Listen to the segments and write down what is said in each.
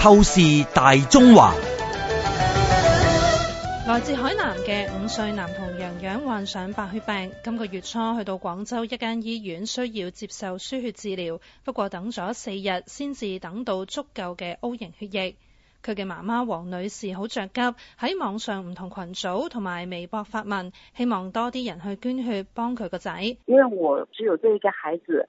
透視大中華，來自海南嘅五歲男童洋洋患上白血病，今個月初去到廣州一間醫院，需要接受輸血治療，不過等咗四日先至等到足夠嘅 O 型血液。佢嘅媽媽王女士好着急，喺網上唔同群組同埋微博發問，希望多啲人去捐血幫佢個仔。因為我只有一個孩子。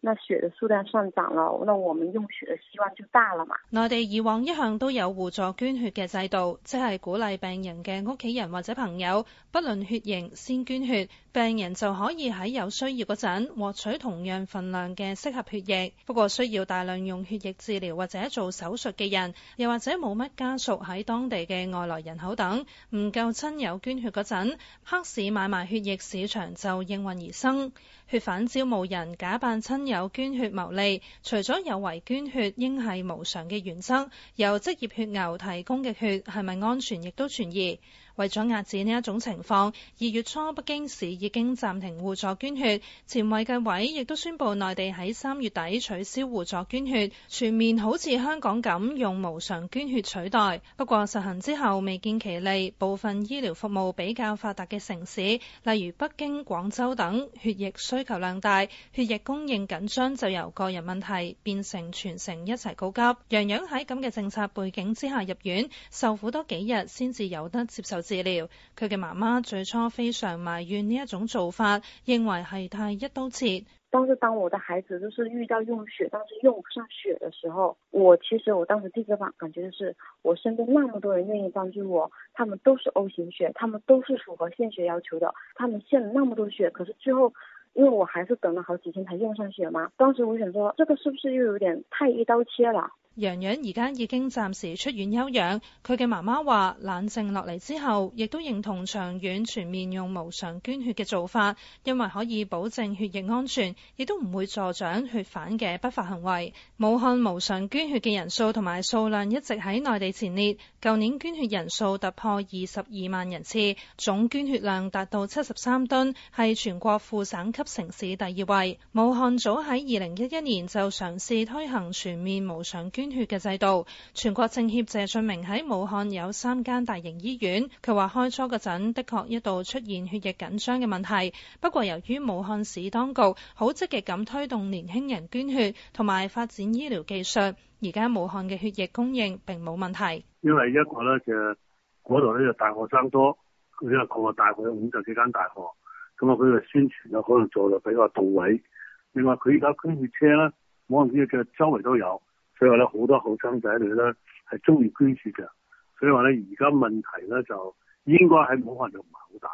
那血的數量上漲了，那我們用血嘅希望就大了嘛。內地以往一向都有互助捐血嘅制度，即係鼓勵病人嘅屋企人或者朋友，不論血型先捐血，病人就可以喺有需要嗰陣獲取同樣份量嘅適合血液。不過需要大量用血液治療或者做手術嘅人，又或者冇乜家屬喺當地嘅外來人口等，唔夠親友捐血嗰陣，黑市買賣血液市場就應運而生。血販招募人假扮親。有捐血牟利，除咗有違捐血應係無償嘅原則，由職業血牛提供嘅血係咪安全亦都存疑。為咗遏止呢一種情況，二月初北京市已經暫停互助捐血，前衛計委亦都宣布內地喺三月底取消互助捐血，全面好似香港咁用無償捐血取代。不過實行之後未見其利，部分醫療服務比較發達嘅城市，例如北京、廣州等，血液需求量大，血液供應緊張，就由個人問題變成全城一齊告急。洋洋喺咁嘅政策背景之下入院，受苦多幾日先至有得接受治療，佢嘅媽媽最初非常埋怨呢一種做法，認為係太一刀切。但是當我的孩子就是遇到用血，但是用不上血的時候，我其實我當時第一個感覺就是，我身邊那麼多人願意幫助我，他們都是 O 型血，他們都是符合獻血要求的，他們獻了那麼多血，可是最後因為我還是等了好幾天才用上血嘛，當時我想說，這個是不是又有點太一刀切了？洋洋而家已經暫時出院休養，佢嘅媽媽話冷靜落嚟之後，亦都認同長遠全面用無償捐血嘅做法，因為可以保證血液安全，亦都唔會助長血販嘅不法行為。武漢無償捐血嘅人數同埋數量一直喺內地前列，舊年捐血人數突破二十二萬人次，總捐血量達到七十三噸，係全國副省級城市第二位。武漢早喺二零一一年就嘗試推行全面無償捐。捐血嘅制度，全國政協謝俊明，喺武漢有三間大型醫院。佢話，開初嗰陣的確一度出現血液緊張嘅問題，不過由於武漢市當局好積極咁推動年輕人捐血同埋發展醫療技術，而家武漢嘅血液供應並冇問題。因為一個咧就嗰度咧就大學生多，佢為佢話大學有五十幾間大學，咁啊佢就宣傳有可能做嘅比較到位。另外佢而家捐血車咧武漢嘅周圍都有。所以話咧，好多後生仔女咧係中意居住嘅，所以話咧，而家問題咧就應該係武漢就唔係好大。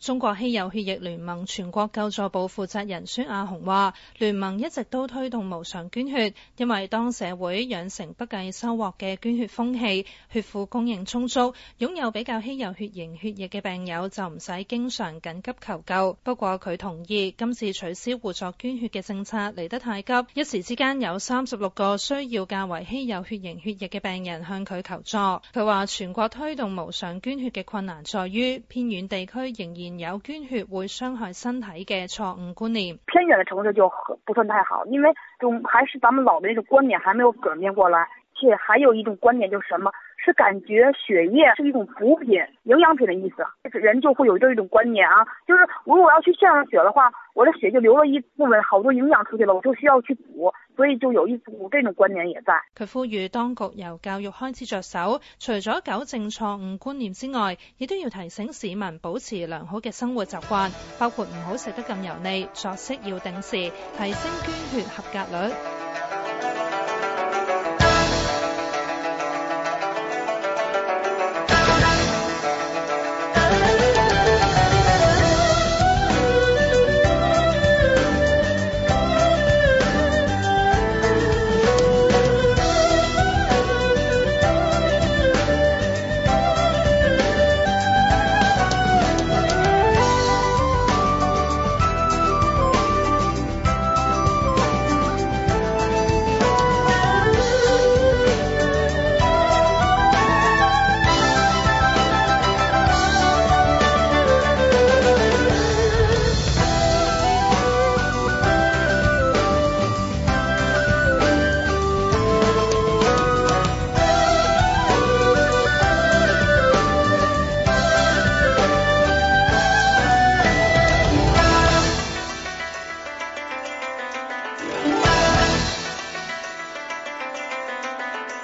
中國稀有血液聯盟全國救助部負責人孫亞雄話，聯盟一直都推動無償捐血，因為當社會養成不計收穫嘅捐血風氣，血庫供應充足，擁有比較稀有血型血液嘅病友就唔使經常緊急求救。不過佢同意今次取消互助捐血嘅政策嚟得太急，一時之間有三十六個需要較為稀有血型血液嘅病人向佢求助。佢話，全國推動無償捐血嘅困難在於偏遠地區仍然。有捐血會傷害身體嘅錯誤觀念。偏遠的城市就不算太好，因為就還是咱們老嘅一種觀念，還沒有轉變過來。且還有一種觀念就是什麼是感覺血液是一種補品、營養品的意思，人就會有這一種觀念啊。就是如果要去獻上血的話，我的血就流了一部分，好多營養出去了，我就需要去補，所以就有一補這種觀念也在。佢呼籲當局由教育開始着手，除咗糾正錯誤觀念之外，亦都要提醒市民保持良好嘅生活習慣，包括唔好食得咁油膩，作息要定時，提升捐血合格率。